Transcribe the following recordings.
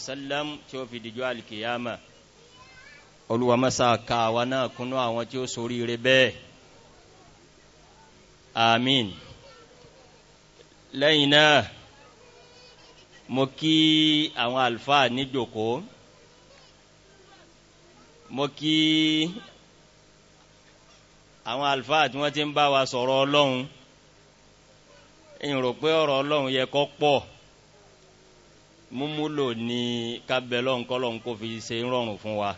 wasallam tí ó fi dìjọ́ alìkìyàmà olùwàmọ́sá ka àwa náà kúnnú àwọn tí ó sorí rẹ bẹ́ẹ̀ amin lẹ́yìn náà mo kí àwọn àlùfáà níjòkó mo kí àwọn àlùfáà tí wọ́n ti ń bá wa sọ̀rọ̀ ọlọ́run ìrò pé ọ̀rọ̀ ọlọ́run yẹ kọ́ pọ̀ múmúlò ní kábẹ́lọ́n kọ́lọ́n kó fi ṣe ń rọrùn fún wa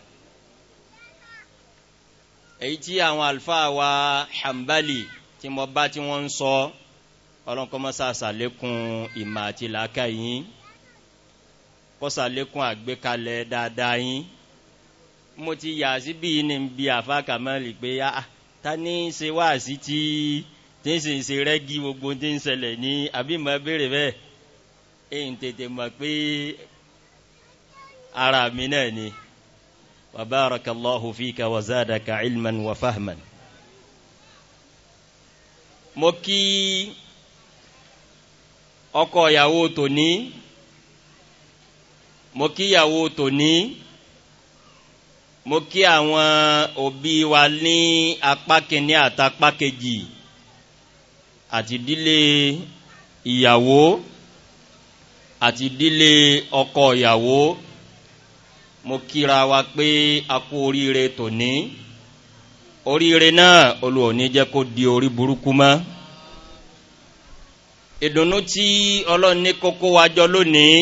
èyí tí àwọn àlùfáà wa hambali tí mo bá tí wọ́n ń sọ ọlọ́nkọ́mọ́sá sàlékún ìmọ̀ àti làákà yín kó sàlékún àgbékalẹ̀ dáadáa yín mo ti yà síbí ní bí àfa kàmẹ́lì pé ah ta ní ṣe wáàsí tí tí ń ṣe ń ṣe rẹ́gí gbogbo tí ń ṣẹlẹ̀ ní àbí mo béèrè bẹ́ẹ̀ èyí tètè mọ̀ pé ara mi náà ni wa barakallahu fika wa zadaka ilman wa fahman mo kí ọkọ ìyàwó tòní mo kí ìyàwó tòní mo kí àwọn òbí wa ní apá kìíní àtàpá ìyàwó àti dílé ọkọ ìyàwó mo kíra wa pé a kú oríire tòní oríire náà olùwòní jẹ́ kó di orí burúkú mọ́ ìdùnnú tí ọlọ́ni kókó wájọ lónìí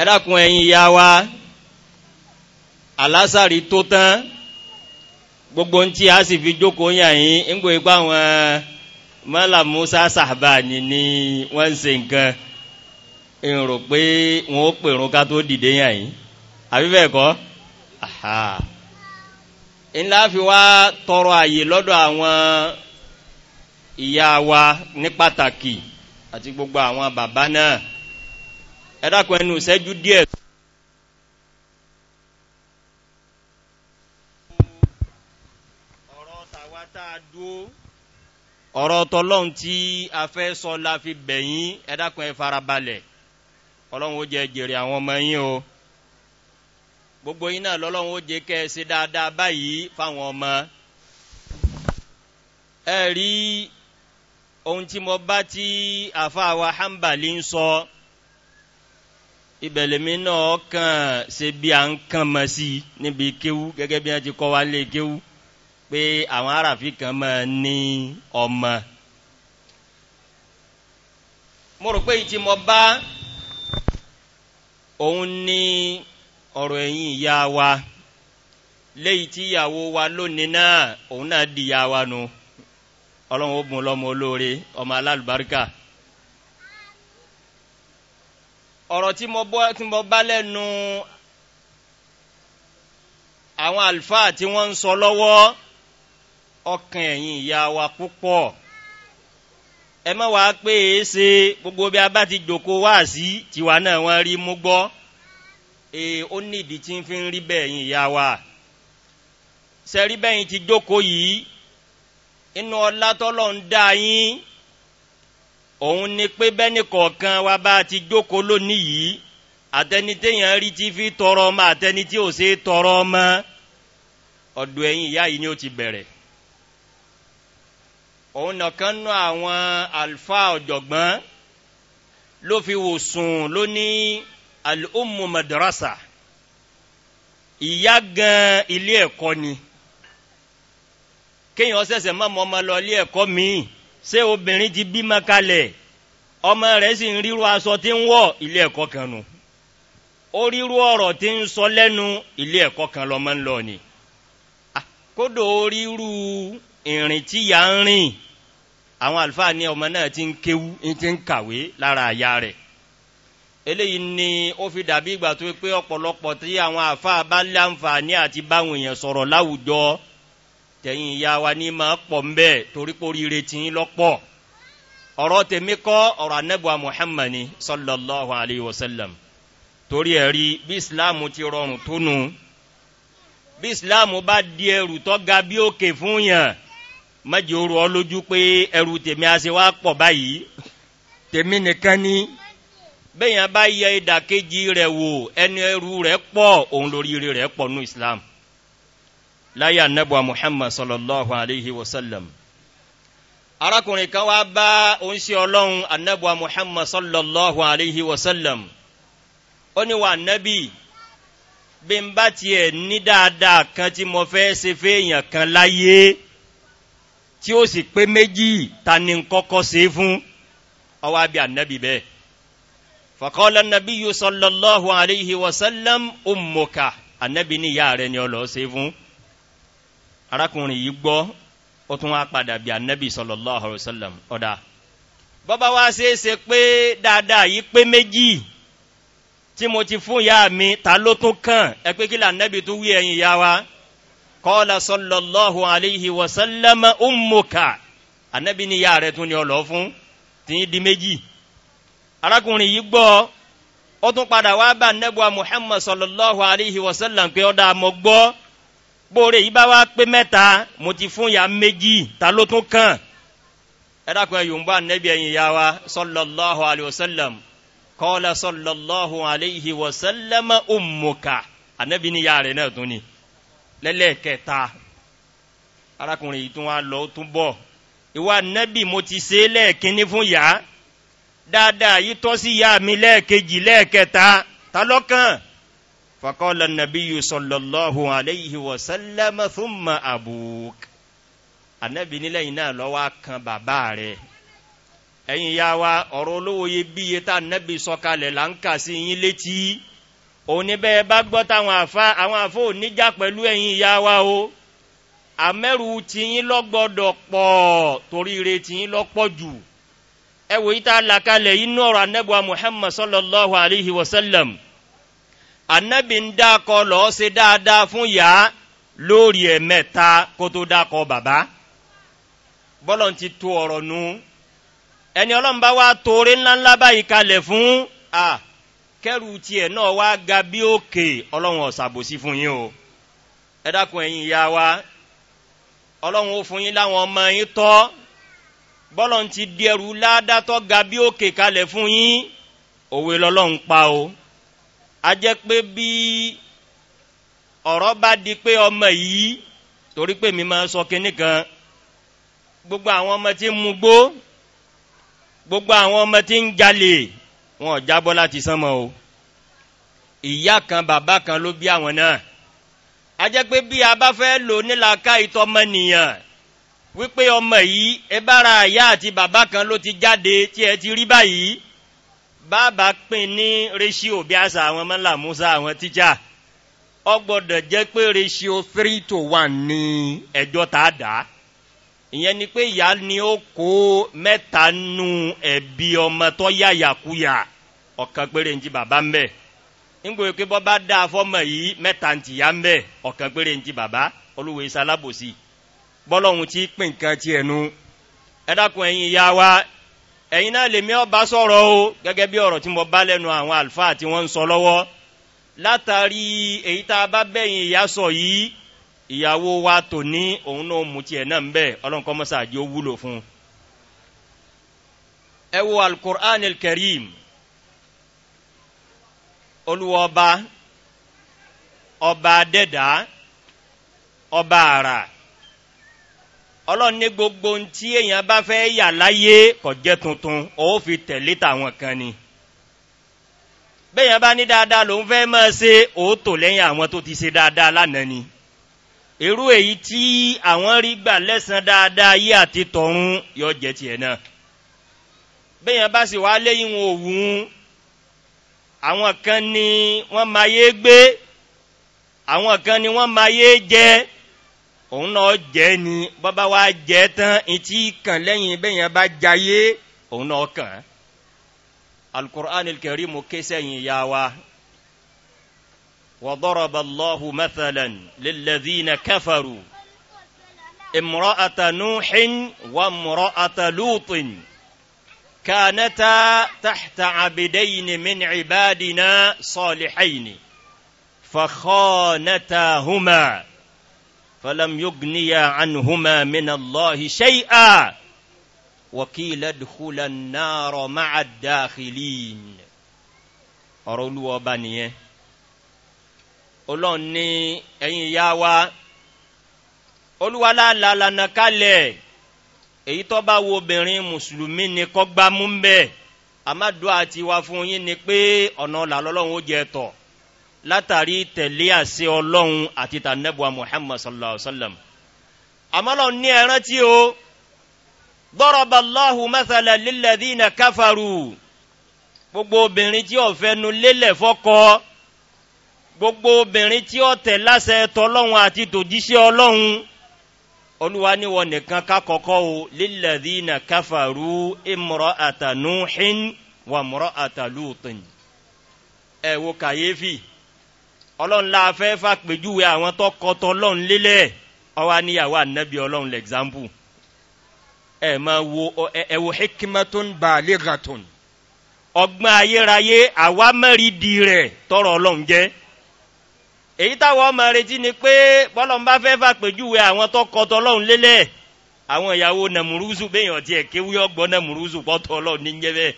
ẹ̀dàkùn ẹ̀yìn ìyá wa alásàrí tó tán gbogbo ntí a sì fi jókòó yàn yín ńgbò ipá wọn mọ́là musa sàbàní ni wọ́n ń se nǹkan ìrò pé wọ́n ó pèrún ká tó dìde yàn yín àbí bẹ́ẹ̀ kọ́ ńlá fi wá tọrọ àyè lọ́dọ̀ àwọn ìyá wa ní pàtàkì àti gbogbo àwọn bàbá náà ẹ dákun ẹnu ìṣẹ́jú díẹ̀. tá a dúó ọ̀rọ̀ tọ́lọ́hun tí a fẹ́ sọ la fi bẹ̀yìn ẹ̀dàkùn ẹ farabalẹ̀ ọlọ́run ó jẹ jèrè àwọn ọmọ yín o gbogbo yín náà lọ́lọ́run ó jẹ kẹ́ ẹ ṣe dáadáa báyìí fáwọn ọmọ ẹ rí ohun tí mo bá tí àfáà wa hanbali ń sọ ibẹ̀lẹ̀mí náà kàn ṣe bí à ń kàn mọ̀ sí níbi kéwú gẹ́gẹ́ bí wọ́n ti kọ́ wa lé kéwú pé àwọn aráàfi kan mọ́ ní ọmọ mo rò pé ìtí mo bá òun ní ọ̀rọ̀ ẹ̀yìn ìyá wa léyìí tí ìyàwó wa lónìí náà òun náà di ìyá wa nu ọlọ́run ó bùn lọ́mọ olóore ọmọ alálùbáríkà ọ̀rọ̀ tí mo bá lẹ́nu àwọn àlùfáà tí wọ́n ń sọ lọ́wọ́ ọkàn ẹ̀yìn ìyá wa púpọ̀ ẹ mọ́ wàá pé e ṣe gbogbo bí a bá ti jòkó wá sí tiwa náà wọ́n rí mú gbọ́ ee ó ní ìdí tí ń fi ń rí bẹ́ẹ̀ yìn ìyá wa sẹ́rí bẹ́yìn ti jókòó yìí inú ọlá tọ́lọ̀ ń dá yín òun ni pé bẹ́ẹ̀ni kọ̀ọ̀kan wa bá ti jókòó lónìí yìí àtẹni téèyàn rí tí fi tọrọ ọmọ àtẹni tí ò ṣe tọrọ ọmọ ọ̀dọ̀ ẹ̀yìn ìyá yìí ni ó ti bẹ̀rẹ̀ òun nọ̀kan nú àwọn alfa ọ̀jọ̀gbọ́n ló fi wò sùn ló al'ummu madrasa ìyá gan ilé ẹ̀kọ́ ni kéèyàn sẹ̀sẹ̀ má mọ́ ọmọ lọ ilé ẹ̀kọ́ míì ṣé obìnrin ti bímọ kalẹ̀ ọmọ rẹ̀ sì ń ríru aṣọ tí ń wọ̀ ilé ẹ̀kọ́ kan nù ó ríru ọ̀rọ̀ tí ń sọ lẹ́nu ilé ẹ̀kọ́ kan lọ́mọ ń lọ ni kódò ó ríru ìrìn tí ya ń rìn àwọn àlùfáà ní ọmọ náà ti ń kéwú ti ń kàwé lára àyà rẹ̀ eléyìí ni ó fi dàbí ìgbà tó pé ọ̀pọ̀lọpọ̀ tí àwọn àfáà bá láǹfààní àti báwọn èèyàn sọ̀rọ̀ láwùjọ tẹ̀yìn ìyá wa ní máa pọ̀ ń bẹ́ẹ̀ torí pé oríire tí ń lọ́pọ̀ ọ̀rọ̀ tèmi kọ́ ọ̀rọ̀ anábùa muhammad sallallahu alayhi wa sallam torí ẹ̀rí bí islam ti rọrùn tó bí islam bá di ẹrù tó ga bí òkè fún yàn mẹ́jì ó rọ ọ lójú pé ẹrù tèmi a ṣe wá pọ̀ báyìí tèmi nìkan ni bẹ́yàn bá yẹ ìdàkejì rẹ̀ wò ẹni ẹrù rẹ̀ pọ̀ òun lórí rẹ̀ pọ̀ ní islam láyà nẹ́bùa muhammad sallallahu alayhi wa sallam arákùnrin kan wá bá oúnṣẹ́ ọlọ́run anẹ́bùa muhammad sallallahu alayhi wa sallam ó ní wà nẹ́bì bí n bá tiẹ̀ ní dáadáa kan tí mo fẹ́ ṣe fẹ́ èèyàn kan láyé tí ó sì pé méjì ta ni kọ́kọ́ sí fún ọwọ́ àbí ànábì bẹ́ẹ̀ fọ̀kọ́lá nàbí yóò sọlọ́lọ́hu àríhì wọ́sálẹ́m òmùkà ànábì ní ìyá rẹ̀ ni ọ lọ sí fún arákùnrin yìí gbọ́ ó tún wá padà bí ànábì sọlọ́lọ́hu àríhì ọ̀dà bọ́bá wá ṣeé ṣe pé dáadáa yìí pé méjì tí mo ti fún ìyá mi ta ló tún kàn ẹ pé kí làǹdẹ́bì tó wí ẹ̀yìn ìyá wa kọ́lá sọ́lọ́lọ́hùn aléhì wọ̀sánlẹ́mọ́ ọmọkà anábì ní ìyá rẹ̀ tún ní ọlọ́ fún tí ń di méjì arákùnrin yìí gbọ́ ó tún padà wá bá nẹ́bùa muhammad sọ́lọ́lọ́hùn aléhì wọ̀sánlẹ́m pé ọ̀dà ọmọkà anábì ní ìyá rẹ̀ náà tún ni lẹ́lẹ́kẹta arákùnrin yìí tún wá lọ tún bọ̀ ìwà nẹ́bì mo ti ṣe lẹ́ẹ̀kíní fún yá dáadáa yìí tọ́ sí yá mi lẹ́ẹ̀kejì lẹ́ẹ̀kẹta ta lọ́kàn fakọ́lá nàbí yìí sọlọ́lọ́hùn àléyìí wọ̀sálẹ́mọ́ fún mọ́ àbúk òun ní bẹ́ẹ̀ bá gbọ́ táwọn àfa àwọn àfo níjà pẹ̀lú ẹ̀yin ìyá wa o àmẹ́rù tiyín lọ́gbọ́dọ̀ pọ̀ torí ire tiyín lọ́pọ̀ jù ẹ wò yí tá a wa sallam ń dákọ ṣe dáadáa fún yá lórí kó tó dákọ bàbá bọ́lọ̀ ti to ọ̀rọ̀ nu ẹni ọlọ́run bá torí ńláńlá báyìí kalẹ̀ fún kẹ́rù tiẹ̀ náà wá ga bí òkè ọlọ́run ọ̀sàbòsí fún yín o ẹ dákun ìyá wa ọlọ́run ó fún yín láwọn ọmọ yín tọ́ bọ́lọ̀ ń ti di ẹrù ládàtọ́ ga bí òkè kalẹ̀ fún yín òwe lọ́lọ́run pa o a jẹ́ pé bí ọ̀rọ̀ bá di pé ọmọ yìí torí pé mi máa sọ kinní kan gbogbo àwọn ọmọ tí ń mugbó gbogbo àwọn ọmọ tí ń jalè wọn ò jábọ́ láti sánmọ́ o ìyá kan bàbá kan ló bí àwọn náà a jẹ́ pé bí a bá fẹ́ lò nílaka ìtọ́mọnìyàn wípé ọmọ yìí ẹ bára àti bàbá kan ló ti jáde tí ẹ ti rí báyìí bàbá pín ní ratio bí àṣà àwọn mọ́là musa àwọn tíjà ọ gbọ́dọ̀ jẹ́ pé ratio three to one ní ẹjọ́ tá ìyẹn ni pé ìyá ni ó kó mẹ́ta nu ẹ̀bí ọmọ tó yàyàkuyà ọ̀kan péré ń ti bàbá ń bẹ̀ nígbà yìí mẹ́ta ń ti yá ń bẹ̀ ọ̀kan péré ń ti bàbá olúwe sálábòsí bọ́lọ́hun ti ti ẹnu ẹ̀dákun ẹ̀yin wa ẹ̀yin náà lèmi ọba sọ̀rọ̀ o gẹ́gẹ́ bí ọ̀rọ̀ tí mo bá lẹ́nu àwọn àlùfáà tí wọ́n ń sọ lọ́wọ́ sọ yìí ìyàwó wa tò ní òun náà mú tiẹ̀ náà ń bẹ̀ ọlọ́nkọ́ mọ́sàájì ó wúlò fún un. ẹ wo alukur'an kẹrìm olùwọ́ba ọba adẹ́dá ọba àrà ọlọ́ni gbogbo tí èèyàn bá fẹ́ yà láyé kọ̀jẹ́ tuntun ó fi tẹ̀lé tàwọn kan ni bẹ́ẹ̀ yẹn bá ní dáadáa lòun fẹ́ máa ṣe òótọ́ lẹ́yìn àwọn tó ti ṣe dáadáa lánàá ni irú èyí tí àwọn rí gbà lẹ́sàn dáadáa yí àti tọrún yọ jẹ tiẹ̀ náà bẹ́yàn bá sì wá léyìn wọn òwúhun àwọn kan ni wọ́n ma yé gbé àwọn kan ni wọ́n ma yé jẹ òun náà jẹ ni bọ́bá wá jẹ tán etí kàn lẹ́yìn bẹ́yàn bá jayé òun náà kàn alukur'an kẹrí mo ké sẹ́yìn ìyá wa وضرب الله مثلا للذين كفروا امرأة نوح وامرأة لوط كانتا تحت عبدين من عبادنا صالحين فخانتاهما فلم يغنيا عنهما من الله شيئا وقيل ادخلا النار مع الداخلين أرولوا بنيه ọlọ́run ní ẹ̀yìn ìyá wa olúwaláàlá èyí tó bá wo obìnrin mùsùlùmí ni kọ́gbá mú ń bẹ̀ àmàdùn àti wa fún yín ni pé ọ̀nà làlọ́lọ́run ó jẹ tọ̀ látàrí tẹ̀lé àṣẹ ọlọ́run àti tànẹ́bùà muhammad sallallahu alayhi wa sallam àmọ́lọ́ ní ẹran tí o dọ́rọ̀bà lọ́hùn mẹ́sàlẹ̀ lílẹ̀ dínà káfàrù gbogbo obìnrin tí ọ̀fẹ́ nu lélẹ̀ fọ́kọ́ gbogbo obìnrin tí ó tẹ̀ lásẹ̀ tọlọ́hun àti tòjíṣẹ́ ọlọ́hun olúwa ní wọn nìkan ká kọ́kọ́ o lílẹ̀dínà káfàrú ìmọ̀rọ̀ àtànúhìn wà mọ̀rọ̀ àtàlùtìn ẹ wo kàyéfì ọlọ́run la fẹ́ fàpèjúwe àwọn tó kọtọ ọlọ́run lélẹ̀ ọwọ́ níyàwó ànábì ọlọ́run lẹ́gzámpù ẹ ma wo ẹ wo hikimatun baaligatun ọgbọ́n ayérayé àwa mẹ́rin di rẹ̀ tọrọ ọlọ́run jẹ́ èyí táwọn ọmọ retí ni pé bọ́lọ̀n bá fẹ́ fàpèjúwe àwọn tó kọtọ ọlọ́run lélẹ̀ àwọn ìyàwó nàmúrúzù béèyàn ọtí ẹ̀ kéwú ọgbọ́n nàmúrúzù pọ́tọ ọlọ́run ní jẹ́ bẹ́ẹ̀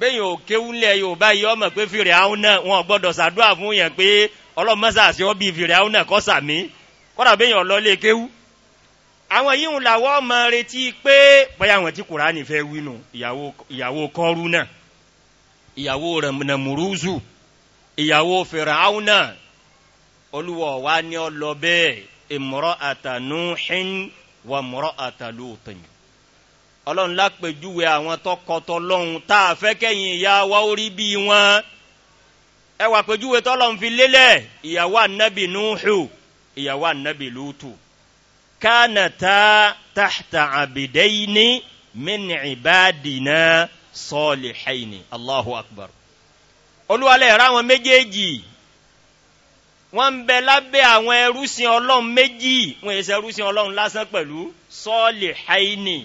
béèyàn ò kéwú lẹ̀ yorùbá yìí ọmọ pé fìrì àwọn náà wọn gbọ́dọ̀ sàdúrà fún yẹn pé ọlọ́mọsàsì ọbí fìrì àwọn náà kọ́ sàmí kọ́dà béèyàn lọ lé kéwú àwọn yìí ń làwọ́ ọmọ retí pé bóyá àwọn tí kùránì fẹ́ wínú ìyàwó kọ́rú náà ìyàwó nàmúrúzù ìyàwó fìrì àwọn náà olúwọ̀ wá ní ọlọ bẹ́ẹ̀ ìmọ̀rọ̀ àtànúhìn wà mọ̀rọ̀ àtàlóòtàn ọlọ́run lápèjúwe àwọn tọkọtọ lọ́hùn tá a fẹ́ kẹ́yìn ìyá wa ó rí bí wọn ẹ wà pèjúwe tọ́lọ́run fi lélẹ̀ ìyàwó ànábì núhù ìyàwó ànábì lóòtù kánàtà tàhtà àbìdẹ́yìní mẹ́ni ìbádìíná sọ́ọ̀lì wọ́n ń bẹ lábẹ́ àwọn ẹrúsìn ọlọ́run méjì wọ́n èsẹ̀ ẹrúsìn ọlọ́run lásán pẹ̀lú sọ́ọ̀lì haini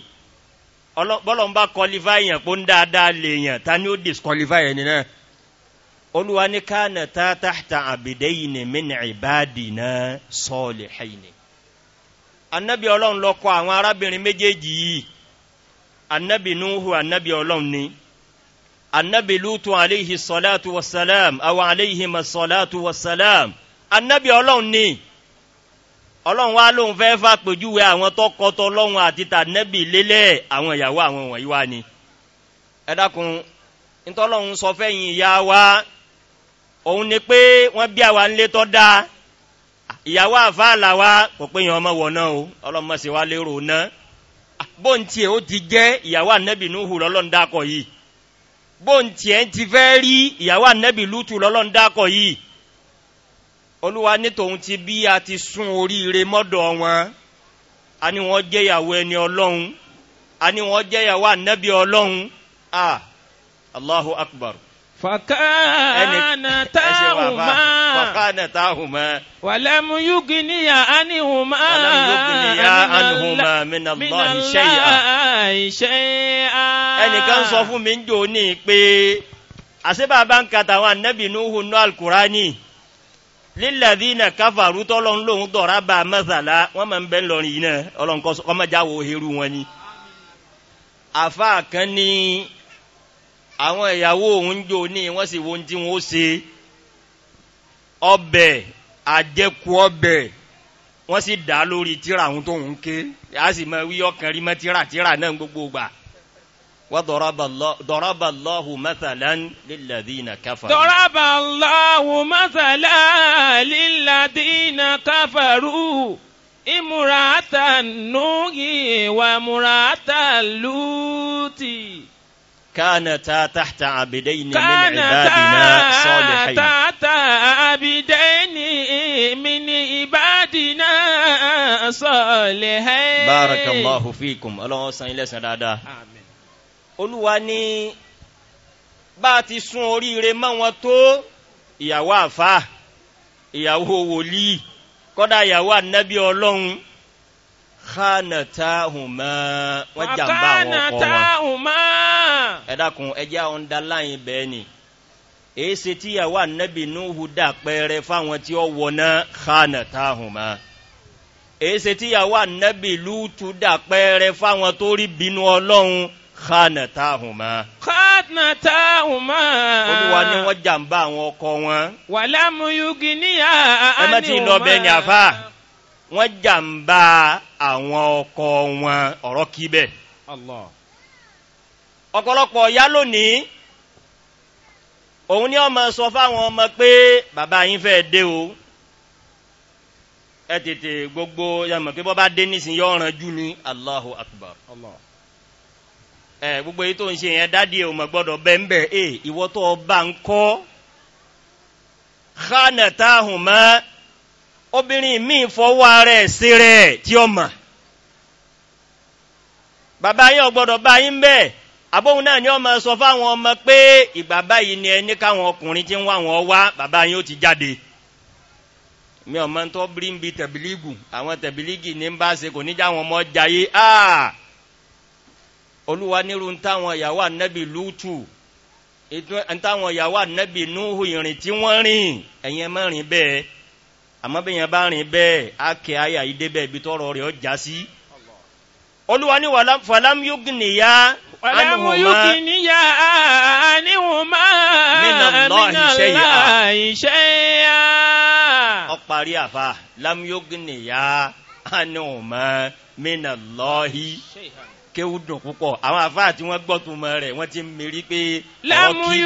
bọ́lọ̀n bá kọlifá èèyàn pó ń dáadáa lè èèyàn ta ni ó disqualify ẹni náà olúwa ní káànà tá tàhtà àbìdẹ́ yìí ní mí ní ìbáàdì náà sọ́ọ̀lì haini anabi ọlọ́run lọ kọ àwọn arábìnrin méjèèjì yìí anabi nuhu anabi ọlọ́run ni anabi lutu alayhi salatu wasalam awa alayhi masalatu wasalam. Wa anábì ọlọ́run ni ọlọ́run wá lóun fẹ́ fàpèjúwe àwọn tọkọtọ ọlọ́run àti tànẹ́bì lélẹ̀ àwọn ìyàwó àwọn wọ̀nyí wá ni ẹ dákun ntọ́lọ́run sọ fẹ́yìn ìyá wa òun ni pé wọ́n bí àwa ńlé tọ́ da ìyàwó àfáàlà wa kò pé yan ọmọ wọ̀ náà o ọlọ́run mọ̀sí wa lérò náà bó ń tiẹ̀ ó ti jẹ́ ìyàwó ànẹ́bì nùhù lọ́lọ́run dákọ̀ yìí bó ń tiẹ̀ ti fẹ́ rí ìyàwó ànẹ́bì lùtù lọ́lọ́run dákọ̀ yìí olúwa ní tòun ti bí a ti sún oríire mọ́dọ̀ wọn a ní wọ́n jẹ́yàwó ẹni ọlọ́run a ní wọ́n jẹ́yàwó ànábì ọlọ́run a allahu akbar. fakana tahuma fakana tahuma. wàlámù yuginiya anihuma. wàlámù yuginiya anihuma minalahi ṣẹ́yà. ẹnìkan sọ fún mi ń jò ní pé àṣebàbá ń kàtàwọn ànábì nuhu nù alukurani. No lílàdínà káfàrú tọ́lọ́n lóhun tọ̀rá bá mẹ́sàlá wọ́n mọ̀ ń bẹ́ lọ́rin yìí náà ọlọ́nkọ́mọ́jáwò heru wọn ni àfá kan ní àwọn ìyàwó òun jò ní wọ́n sì wo tí wọ́n ṣe ọbẹ̀ àjẹkù ọbẹ̀ wọ́n sì dá lórí tíra àwọn tóun ké a sì mọ wí ọkàn rí mọ́ tíra tíra náà gbogbo gbà وضرب الله ضرب الله مثلا للذين كفروا ضرب الله مثلا للذين كفروا امرأة نوح وامرأة لوط كانتا تحت عبدين من عبادنا صالحين عبادنا صالحين بارك الله فيكم الله سنلسنا دادا آمين olúwa ní bá ti sun oríire mọ́ tó ìyàwó àfa ìyàwó wòlíì kọ́dà ìyàwó ànábì ọlọ́run kánàtà wọ́n jàǹbá àwọn ọkọ wọn. ẹ dákun ẹjẹ́ bẹ́ẹ̀ ni èyí tí ìyàwó ànábì nuhu dà fáwọn tí ó wọná kánàtà hùmá tí ìyàwó ànábì lùtù dà fáwọn tó rí bínú ọlọ́run khanatahuma. khanatahuma. olúwa ni wọ́n jàǹbá àwọn ọkọ wọn. wàlá muyugi níyà ánìwọ̀n. ẹ má ti lọ bẹ́ẹ̀ ni àfa wọ́n jàǹbá àwọn ọkọ wọn ọ̀rọ̀ kí ọ̀pọ̀lọpọ̀ ya lónìí òun ni ọmọ sọ fáwọn ọmọ pé bàbá yín fẹ́ dé o ẹ tètè gbogbo yàmọ̀ pé bọ́ bá dé nísìnyí ọ̀ràn jù ní allahu akbar. Allah ẹ eh, gbogbo yìí tó ń ṣe yẹn dádìí ò mọ̀ gbọ́dọ̀ bẹ́ẹ̀ bẹ́ẹ̀ eh, ẹ ìwọ tó o bá ń kọ́ khanatahun mọ́ obìnrin míì fọwọ́ rẹ̀ sí rẹ̀ tí ó mọ̀ bàbá yìí ò gbọ́dọ̀ bá yín bẹ́ẹ̀ àbóhun náà ni ọmọ sọ fáwọn ọmọ pé ìgbà báyìí ni ẹni káwọn ọkùnrin ti ń wá wọn wá bàbá yín ó ti jáde mi ọmọ tó bí ń bi tẹ̀bílígù àwọn tẹ̀bílígì ní ń bá ṣe kò ní já wọn mọ́ jayé áà. Ah! olúwa nírú táwọn ìyàwó ànábì lútù táwọn ìyàwó ànábì núhù ìrìn tí wọ́n rìn ẹ̀yìn ẹ̀ mẹ́rin bẹ́ẹ̀ àmọ́ bẹ́ẹ̀ yẹn bá rìn bẹ́ẹ̀ á kẹ́ àyà yìí débẹ̀ tọ́rọ rẹ̀ ọjà sí. olúwa ní fàlámúyúgìnìyà fàlámúyúgìnìyà àníwòmá mínàlá ìṣe yá kéwú púpọ̀ àwọn àfáà tí wọ́n gbọ́ tó mọ rẹ̀ wọ́n ti mérí pé ọ̀rọ̀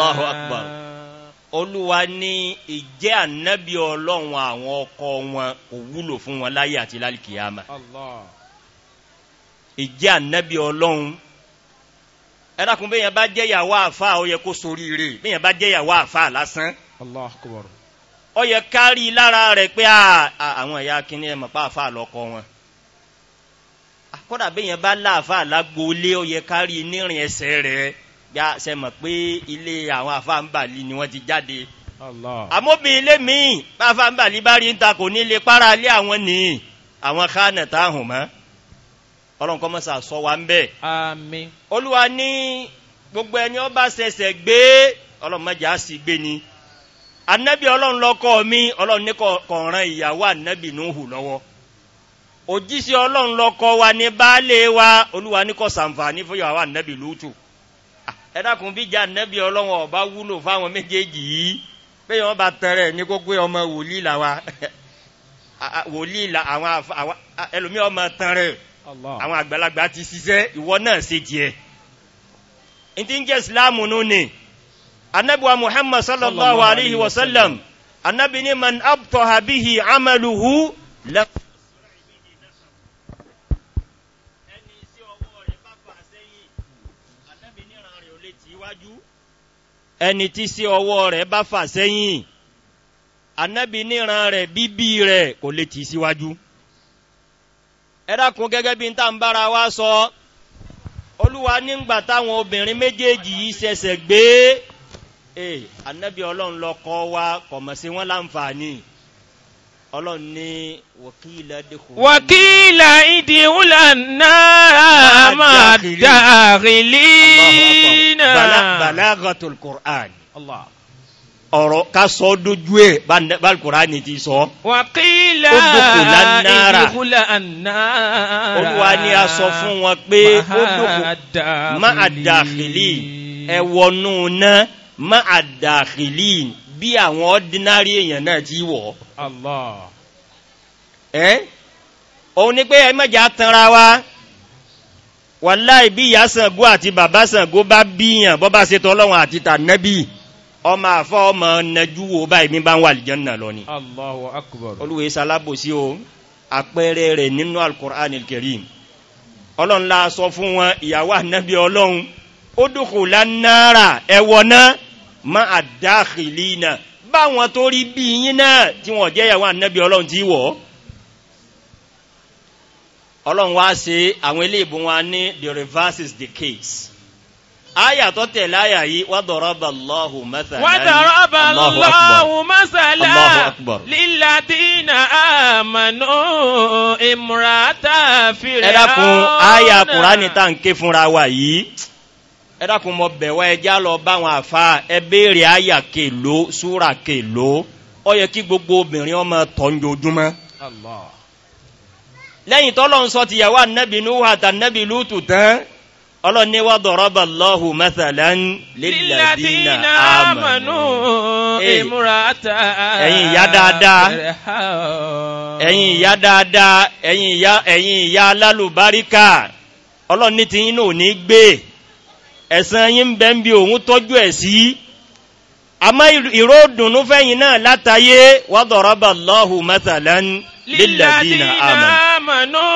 kí olúwa ní ìjẹ́ ànábì ọlọ́run àwọn ọkọ wọn kò wúlò fún wọn láyé àti lálìkìyàmà ìjẹ́ ànábì ọlọ́run ẹ̀dàkùn bẹ́yàn bá jẹ́ ìyàwó àfáà ó yẹ kó soríire bẹ́yàn bá jẹ́ ìyàwó àfáà lásán Allahu Akbar ọ yẹ kárí lára rẹ̀ pé ah, ah, àwọn ẹ̀yà kìíní ẹ̀mọ̀ pa àfà lọ́kọ wọn ah, kódà béèyàn bá láàfà lágbóolé ọ yẹ kárí nírìn ẹsẹ̀ rẹ̀ yá sẹ́mọ̀ pé ilé àwọn àfà ń bàlí ni wọ́n ti jáde àmóbi ilé míì bá àfà ń bàlí bá rí ń ta kò ní lè para ilé àwọn ni àwọn kánà táhùn mọ́ ọlọ́run kọ́ mọ́sà sọ wa ń bẹ̀. olúwa ní gbogbo ẹni ọ bá gbé ọlọ́run mọ́jà á gbé ni. Amen anabi ọlọ́run lọ́kọ́ mi ọlọ́run ní kọ̀ọ̀ràn ìyàwó anabi nuhu lọ́wọ́ òjíṣẹ́ ọlọ́run lọ́kọ́ wa ní baálé wa olúwa ní kọ́ sàǹfààní fún ìyàwó anabi lótù ẹ dákun bí jẹ́ anabi ọlọ́run ọba wúlò fáwọn méjèèjì yìí pé wọ́n bá tẹ̀rẹ̀ ní kó pé ọmọ wòlíì là wa wòlíì là àwọn ẹlòmíì ọmọ tẹ̀rẹ̀ àwọn àgbàlagbà ti ṣiṣẹ́ ìwọ náà ṣe jẹ́ ntí ń nù ni anabiwa muhammad sallallahu alayhi wa sallam anabi ni man abtọha bihi amaluhu la. ẹni tí sí ọwọ́ rẹ̀ bá fà sẹ́yìn anabi níran rẹ̀ bíbí rẹ̀ kò lè tì síwájú. ẹ gẹ́gẹ́ bí n tá n bára wa sọ olúwa nígbà obìnrin méjèèjì yìí ṣẹ̀ṣẹ̀ gbé ee eh, anabi ọlọ́run lọ kọ́ wa kọ̀mọ̀sí wọn láǹfààní ọlọ́run ní wàkílà dẹ́kun. wàkílà ìdíwúlà náà máa dàrílì náà. balagatul qur'an. allah ọ̀rọ̀ ká sọ dójú ẹ̀ bálkùránì ti sọ. wàkílá ìdíkùlá ànára. olúwa ni a sọ fún wọn pé ó dókò má àdàkìlì náà má àdàkìlín bí àwọn ordinary èèyàn náà ti wọ̀ ẹ́ òun ni pé ẹ mẹ́jà tanra wa wàláì bí ìyá sàngó àti bàbá sàngó bá bíyàn bọ́ bá ṣe tọ́lọ́wọ̀n àti tànẹ́bí ọmọ àfọ́ ọmọ nẹjú wo báyìí mi bá ń wà lìjọ́ náà lọ ni olùwé salábòsí o àpẹẹrẹ rẹ̀ nínú alukur'an kẹrin ọlọ́run la sọ fún wọn ìyàwó ànẹ́bí ọlọ́run ó dùkù lánàárà ẹ̀wọ̀ náà má a dáàkìlì náà báwọn tó rí bí yín náà tí wọ́n jẹ́ ìyàwó ànábì ọlọ́run ti wọ̀ ọlọ́run wá ṣe àwọn iléèbó wa ní the reverse is the case aya tó tẹ̀lé aya yìí wà dọ̀rọ̀ bá lọ́hù mẹ́sàlá wà dọ̀rọ̀ bá lọ́hù mẹ́sàlá lílàdínà àmànú ìmúratà fìrẹ́ àwọn náà ẹ̀dàkùn aya kùránì ń ké fúnra wa yìí ẹ̀dàkùn mọ̀ bẹ̀wọ́ ẹjá lọ bá wọn àfa ẹ àyà kèló súra kèló ọ yẹ kí gbogbo obìnrin ọmọ tọ́njojúmọ́. lẹ́yìn tọ́lọ́ ń sọ tìyàwó anabi nuhu àti anabi lutu tán ọlọ́ni wà dọ̀rọ̀bà lọ́hù mẹ́sàlán lílàdínà àmànú ìmúratà ẹ̀yìn ìyá dáadáa ẹ̀yìn ìyá dáadáa ẹ̀yìn ìyá alálùbáríkà ọlọ́ni tí inú ò ní gbé ẹ̀sàn yí ń bẹ ń bí òun tọ́jú ẹ̀ sí àmọ́ ìró dùnú fẹ́yìn náà látayé wádọ̀rọ́bà lọ́hù mẹ́tàlán lílàdínà àmànú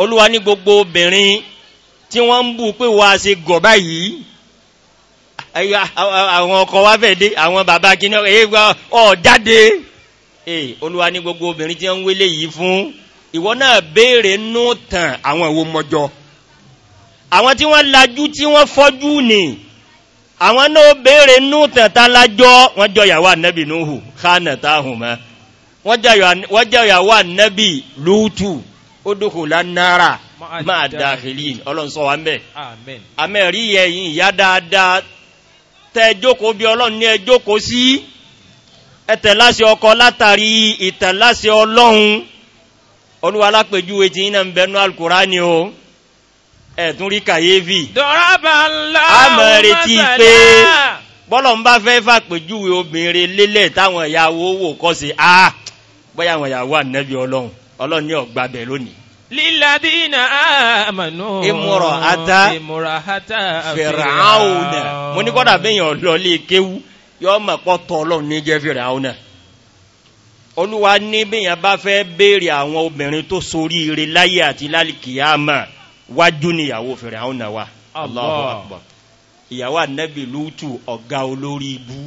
olúwa ní gbogbo obìnrin tí wọ́n ń bú pé wà ṣe gọ̀bá yìí àwọn ọkọ̀ wá fẹ́ dé àwọn bàbá kí ọ̀jáde eh, olúwa ní gbogbo obìnrin tí wọ́n ń wélé yìí fún ìwọ náà béèrè nú tàn àwọn ìwo mọ́jọ́ àwọn tí wọ́n lajú tí wọ́n fọ́jú nì àwọn náà bèèrè nù tẹ̀ta lájọ́ wọ́n jọ yàwó ànẹ́bì núhù kánàtà hùmọ́ wọ́n jẹ́ yàwó ànẹ́bì lútù ó dókò lánàárà máa dáhìlì ọlọ́nsọ́ wa mẹ́ àmẹ́rí ẹ̀yìn ìyá dáadáa tẹ́ jókòó bí ọlọ́run ní ẹ jókòó sí ẹtẹ̀láṣẹ ọkọ látàrí ìtẹ̀láṣẹ ọlọ́run olúwa lápèjúwe ti yín náà ń bẹnu alukura ni o ẹ̀tún rí kàyéfì a mọ̀ retí pé bọ́lọ̀ ń bá fẹ́ fàpèjúwe a bọ́yá àwọn ìyàwó ànẹ́bí ọlọ́run ọlọ́run ní ọ̀gbàbẹ̀ lónìí lílàdínà àmànú ìmúrọ̀ ata fẹ̀ràáùnà mo ní kọ́dà bẹ́yàn ọlọ́lé kéwú yọ mọ̀ pọ́ tọ́ ọlọ́run ní jẹ́ fẹ̀ràáùnà olúwa ní bẹ́yàn bá fẹ́ béèrè àwọn obìnrin tó soríire láyé àti lálìkìyàmà wájú ni ìyàwó fèrè àwọn náà wà allahu akbar ìyàwó anabi lutu ọ̀gá olórí ibú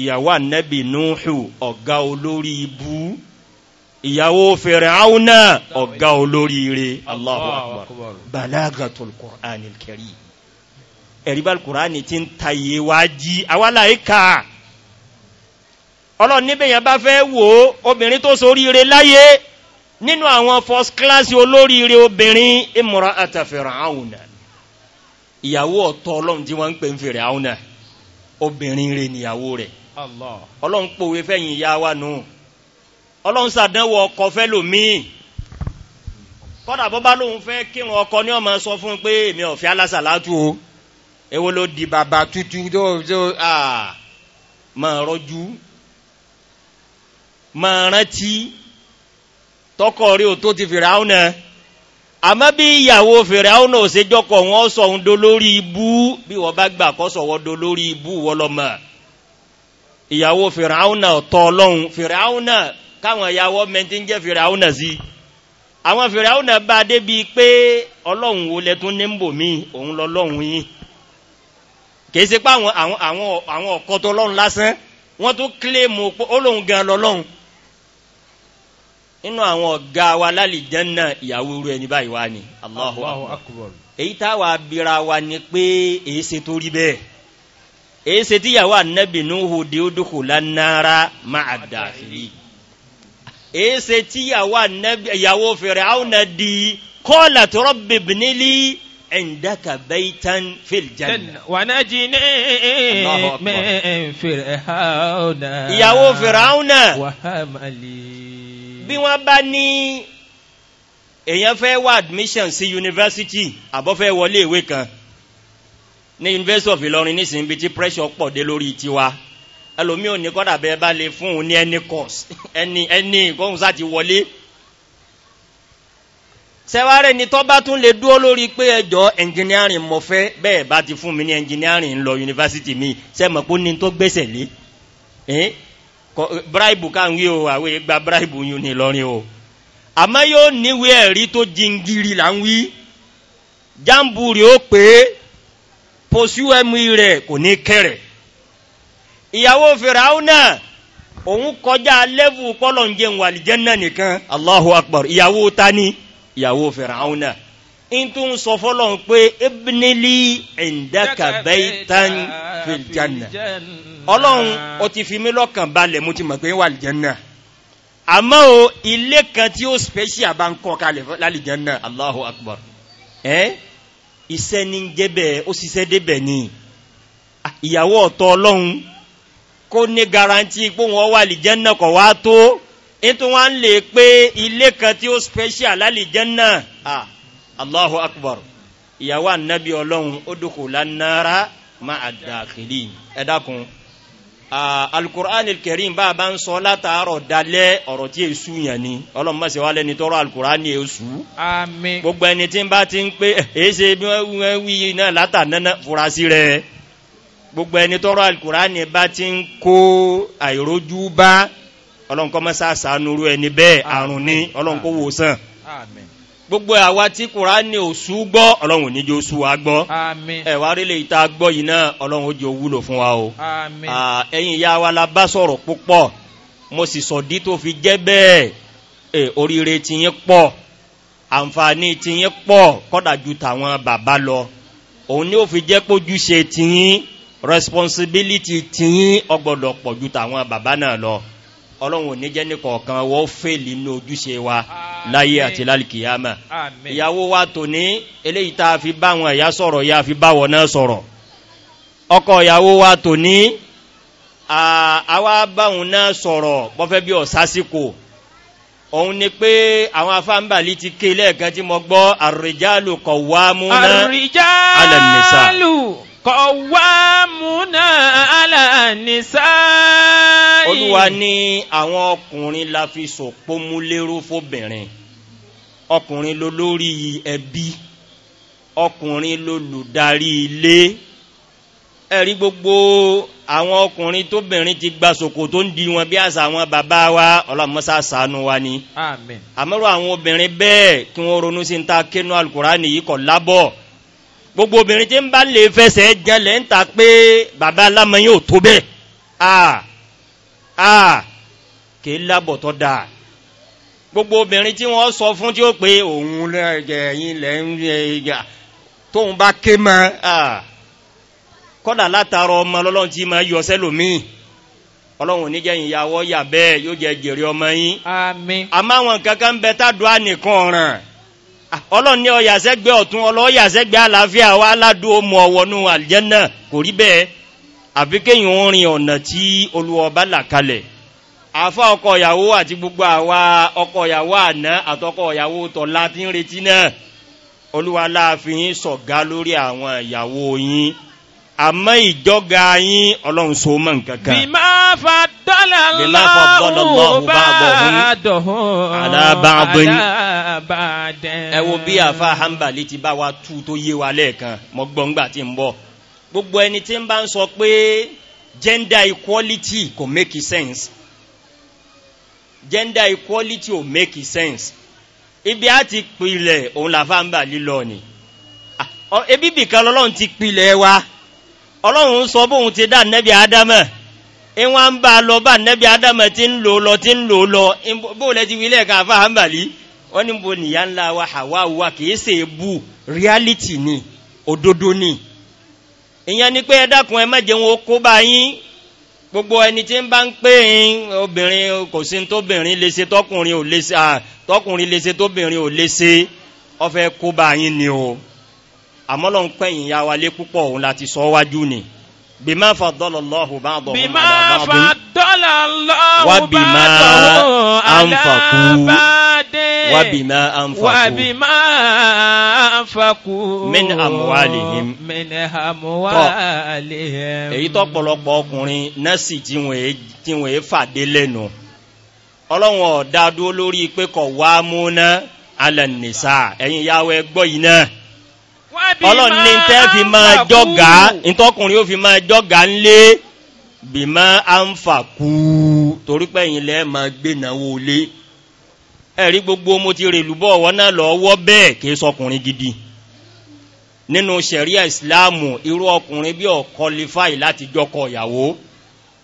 ìyàwó anabi nuhu ọ̀gá olórí ibú ìyàwó fèrè àwọn náà ọ̀gá olórí ire allahu akbar balagatul qur'an kẹrì ẹ̀ríbal qur'an ti ń ta iye wájí awala ìka ọlọ́ọ̀ níbẹ̀ yẹn bá fẹ́ wò obìnrin tó sorí ire láyé nínú àwọn first class olóríire obìnrin imura àtàfẹ̀rẹ̀ àwùnà ìyàwó ọ̀tọ̀ ọlọ́run tí wọ́n ń pè ń fèrè àwùnà obìnrin rẹ̀ níyàwó rẹ̀ ọlọ́run pòwe fẹ́yìn ìyá wa nù ọlọ́run sàdánwò ọkọ̀ fẹ́ lòmíì kọ́dà bọ́ bá lóun fẹ́ kírun ọkọ̀ ní ọmọ sọ fún pé èmi ọ̀fẹ́ alásàlátù o èwo ló di bàbá tútù tó máa rọ́jú máa rántí. tọ́kọ̀ rí o tó ti fìràún náà àmọ́ bí ìyàwó fìràún náà ṣe jọ́kọ̀ wọ́n sọ òun do lórí ibú bí wọ́n bá gbà kọ́ sọ̀wọ́ do lórí ibú wọlọ́mọ̀ ìyàwó fìràún náà tọ́ ọlọ́run fìràún náà káwọn ìyàwó mẹ́tí ń jẹ́ fìràún náà sí àwọn fìràún náà bá pé ọlọ́run wo lẹ tún ní ń bò mí òun lọ́lọ́run yín kì í inú àwọn ọ̀gá wa lálìjẹ́nà ìyàwó orú ẹni báyìí wá ní Allahu Akbar èyí táwà abira wa ni pé èése tó rí bẹ́ẹ̀ èése tíyàwó ànẹ́bì núhù dé ó dúkù lánàárá má àdàfíì èése tíyàwó ànẹ́bì ìyàwó fèrè áwùnà di kọ́ọ̀lá tó rọ́bì bìnílì ẹ̀ǹdàkà bẹ́ẹ̀tàn fìlìjẹ́nà wà náà jí ní ẹ̀ẹ́ fèrè áwùnà ìyàwó fèrè áwùnà wàhámàlì bí wọ́n bá ní èèyàn fẹ́ wá admission sí university àbọ́fẹ́ wọlé ìwé kan ní university of ìlọrin nísìnyí bí tí pressure pọ̀ dé lórí tiwa ẹlòmíì ò ní kọ́dà bẹ́ẹ̀ bá lè fún un ní any course ẹni ẹni kóhun sá ti wọlé sẹwárẹ ni tọ́ba tún lè dúró lórí pé ẹjọ́ ẹnjìnírìn mọ̀ fẹ́ bẹ́ẹ̀ bá ti fún mi ní ẹnjìnírìn lọ yunifásitì mi sẹ́mọ̀ pé ó ní tó gbèsè lé bíráìbù káwí o àwọn ìgbà bíráìbù yìí ní ìlọrin o àmọ́ yóò níwé ẹ̀rí tó jingiri là ń wí jambu rẹ̀ ó pé posúwẹ́mí e rẹ̀ kò ní kẹrẹ̀ ìyàwó fìràúnà òun kọjá lẹ́fù pọ́lọ̀ ń jẹun wàlìjẹ́ náà allahu akbar ìyàwó ta ni ìyàwó in tó ń sọ fọ́lọ̀ pé ebinili ẹ̀ndàkàbẹ́ tán fìlìjánà ọlọ́run o ti fi mí lọ́kàn balẹ̀ mo ti mọ̀ pé wà lìjánà o ilé kan tí ó special bá ń kọ́ kalẹ̀ lálìjánà allahu akbar ẹ́ iṣẹ́ ní jẹ́bẹ̀ ó ṣiṣẹ́ débẹ̀ ni ah, ìyàwó ọ̀tọ̀ ọlọ́run kó ní garanti pé wọ́n wà lìjánà kọ̀ wá tó ètò wọn lè pé ilé kan tí ó special lálìjánà ah allahu akbar ìyàwó ànábì ọlọ́run ó dùkù lánàárà má àdàkìlì ẹ̀dàkùn alukur'an kẹrin bá a bá ń sọ látàárọ̀ dalẹ̀ ọ̀rọ̀ tí èsù yẹn ni ọlọ́run mọ̀sẹ̀ wálé ni tọrọ alukur'an ni èsù. ami gbogbo ẹni tí ń bá ti ń pé eh, èsè bí wọ́n wí náà látà nánà furasi gbogbo ẹni tọrọ alukur'an bá ti ń kó àìrójú bá ọlọ́run mọ́sá sànúrú ẹni bẹ́ẹ̀ àrùn ni ọlọ́run kó wò gbogbo àwa tí kùránì òsú gbọ́ ọlọ́run níjó sú wa gbọ́ ẹ̀wà rí lè ta gbọ́ yìí náà ọlọ́run jẹ́ òwúlò fún wa o ẹ̀yìn ìyá wa la bá sọ̀rọ̀ púpọ̀ mo sì sọ̀dí tó fi jẹ́ bẹ́ẹ̀ oríire ti yín pọ̀ àǹfààní ti pọ̀ kọ́dà ju tàwọn bàbá lọ òun ni ó fi jẹ́ pójúṣe ti yín responsibility ti yín ọgbọ̀dọ̀ pọ̀ ju tàwọn bàbá náà lọ ọlọ́run ní jẹ́ nìkọ̀ọ̀kan wọ́n fèèlì ní ojúṣe wa láyé àti lálìkìyàmà ìyàwó wa tò ní eléyìí tá a fi bá wọn ẹ̀yà sọ̀rọ̀ ya fi bá wọn náà sọ̀rọ̀ ọkọ̀ ìyàwó wa tò ní àwa báwọn náà sọ̀rọ̀ bọ́fẹ́ bí ọ̀sásìkò òun ni pé àwọn afáǹbàlì ti ké lẹ́ẹ̀kan tí mo gbọ́ àrùjálù kọ̀ wá mú náà alẹ́ nìsà olúwa ní àwọn ọkùnrin la fi sòpó múlérú fóbìnrin ọkùnrin ló lórí ẹbí ọkùnrin ló lùdarí ilé ẹ̀rí gbogbo àwọn ọkùnrin tóbìnrin ti gba sòkò tó ń di wọn bí àṣà àwọn bàbá wa ọlọ́mọsá sànú wa ni àmọ́rọ̀ àwọn obìnrin bẹ́ẹ̀ kí wọ́n ronú sí ń ta kínú alukóra nìyí kọ̀ lábọ̀ gbogbo obìnrin tí ń bá lè fẹsẹ̀ jẹlẹ̀ ń ta pé bàbá alámọ̀yìn ò tó bẹ́ẹ̀ ah kì í lábọ̀ tọ́ da gbogbo obìnrin tí wọ́n sọ fún tí ó pé òun lẹ́yìn lẹ́yìn tóun bá ké mọ́ ah kọ́dà látara ọmọ lọ́lọ́run tí máa yọ sẹ́lòmíì ọlọ́run ní jẹ́yìn ìyàwó yà bẹ́ẹ̀ yóò jẹ jèrè ọmọ yín àmá wọn kankan bẹ tàdúrà nìkan ọ̀ràn ọlọ́run ní ọyàṣẹ́gbẹ́ ọ̀tún ọlọ́yàṣẹ́gbẹ́ àlàáfíà wa aládùn ọmọ ọ̀wọ́nú àlìjẹ́ náà kò rí bẹ́ẹ̀ àfikẹ́yìn orin ọ̀nà tí olúọba là kalẹ̀ àfá ọkọ̀ ìyàwó àti gbogbo àwa ọkọ̀ ìyàwó àná àtọkọ̀ ìyàwó tọ̀lá tí ń retí náà olúwa láàfin sọ̀gá lórí àwọn ìyàwó yín àmọ́ ìjọ́ga yín ọlọ́run so mọ́ nkankan. bí máa fa dọ́là lọ́wọ́ bá dọ̀hún alábàádọ́n. ẹ wo bí àfa hanbali ti bá wa tú tó gbogbo ẹni tí ń bá ń sọ pé gender equality kò make sense gender equality ò make sense ibi a ti pilẹ̀ òun làfa ń bà lílọ ni ebi bìkan lọ́lọ́run ti pilẹ̀ wa ọlọ́run sọ bóun ti dá nẹ́bí ádámẹ̀ ìwọ́n ń bá lọ bá nẹ́bí ádámẹ̀ tí ń lò lọ tí ń lò lọ bóòlẹ̀ ti wílẹ̀ ká fà ń bà lí wọ́n ní bo nìyá ńlá wa hàwá wa kìí ṣe é bu reality ni òdodo ni ìyẹn ni pé ẹ̀dàkùn ẹ mẹ́jẹ wọn kó bá yín gbogbo ẹni tí ń bá ń pè ń obìnrin kò sí tóbìnrin lè ṣe tọkùnrin ò lè ṣe à tọkùnrin lè ṣe tóbìnrin ò lè ṣe ọfẹ kó bá yín ni o àmọ́ lọ́n pẹ́yìn ya wa púpọ̀ òun láti sọ wájú ni bima fàdọ́lọ̀ lọ́hù bá dọ̀ bima fàdọ́lọ̀ lọ́hù bá dọ̀ anfàkú wa bima anfàkú wa bima anfàkú min amuwalihim min amuwalihim èyí tó pọ̀lọpọ̀ ọkùnrin nẹ́sì tí wọ́n é fàdé lẹ́nu ọlọ́run ọ̀dá dúó lórí pé kọ̀ wá múná alẹ́ nìsà ẹ̀yìn yàwó ẹgbọ́ yìí náà ọlọ́run ní tẹ́ fi máa jọ́gá ìtọ́kùnrin ó fi máa jọ́gá ńlé bí máa á ń fà kú torí pé ìyìnlẹ̀ máa gbénáwó lé ẹ̀rí gbogbo mo ti rèlú bọ́ ọ̀wọ́ náà lọ ọwọ́ bẹ́ẹ̀ kìí sọkùnrin gidi nínú sẹ̀ríà ìsìláàmù irú ọkùnrin bí ọ̀ kọlifáì láti jọkọ̀ ìyàwó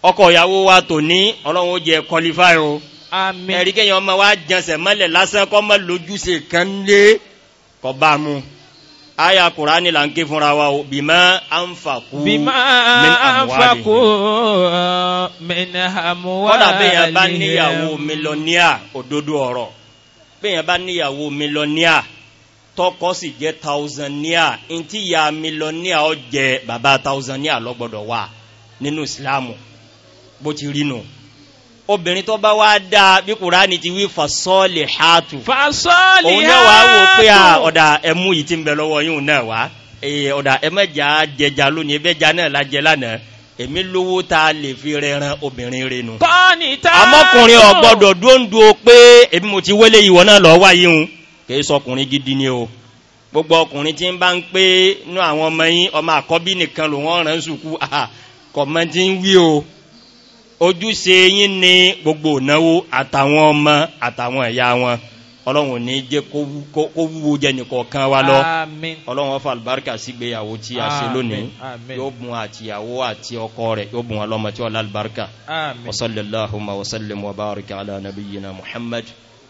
ọkọ̀ ìyàwó wa tò ní ọlọ́run ó jẹ kọlifáì o ẹ̀rí kéèyàn ọmọ wa jẹsẹ̀ mọ́lẹ̀ lásán kọ́ mọ́ lójúṣe kan lé kọ́ bá mu aya kùránì là ń ké fúnra wa o bí máa ń fàkú min àmúwá kọ́dà bẹ́yàn bá níyàwó mílọ́níà òdodo ọ̀rọ̀ bẹ́yàn bá níyàwó mílọ́níà tọkọ sì jẹ́ tàùsàníà ntí ya mílọ́níà ọ jẹ bàbá tàùsàníà lọ́gbọ́dọ̀ wà nínú ìsìlámù bó ti rí nù. No obìnrin tó bá wá dáa bí kùránì ti wí fasọ́ọ̀lì hàtù fasọ́ọ̀lì hàtù òun náà wá wò pé ọ̀dà ẹmú yìí ti ń bẹ lọ́wọ́ yóò náà wá ọ̀dà ẹmẹ́jà jẹjà lónìí ẹbẹ́jà náà lájẹ lánàá èmi lówó ta lè fi rẹran obìnrin renu. kọ́ni tá a. amọ́kùnrin ọ̀gbọ́dọ̀ dóńdó pé èmi mo ti wélé ìwọ náà lọ́ọ́ wáyé hun kì í sọkùnrin gidi ni o gbogbo ọkùnrin tí ń bá ń pé inú àwọn ọmọ yín ọmọ àkọ́bí nìkan lòun ọ̀ràn sùkú kọ̀mọ́tí ń wí o ojúṣe yín ni gbogbo ìnáwó àtàwọn ọmọ àtàwọn ẹ̀yà wọn ọlọ́run ní jẹ́ kó wúwo jẹ́ nìkan kan wá lọ ọlọ́run ọfà albarka sígbéyàwó tí a ṣe lónìí yóò bùn àtìyàwó àti ọkọ rẹ̀ yóò bùn ọlọ́mọ tí ọlá albarka wasallallahu ma wasallam wa barika ala nabiyyina muhammad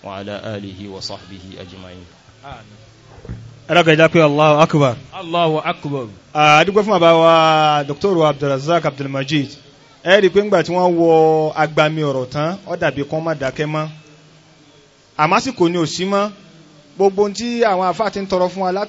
wa ala alihi wa sahbihi ajma'in ẹ̀rọ̀gẹ̀dá pé allahu akbar allahu akbar a dúgbẹ́ fún àbáwa dr abdulrazak abdulmajid ẹ rí i pé ńgbà tí wọ́n wọ agbami ọ̀rọ̀ tán ó dàbí kán má dákẹ́ mọ́ àmásìkò ni ò sí mọ́ gbogbo ohun tí àwọn àfáà ń tọrọ fún wa láti.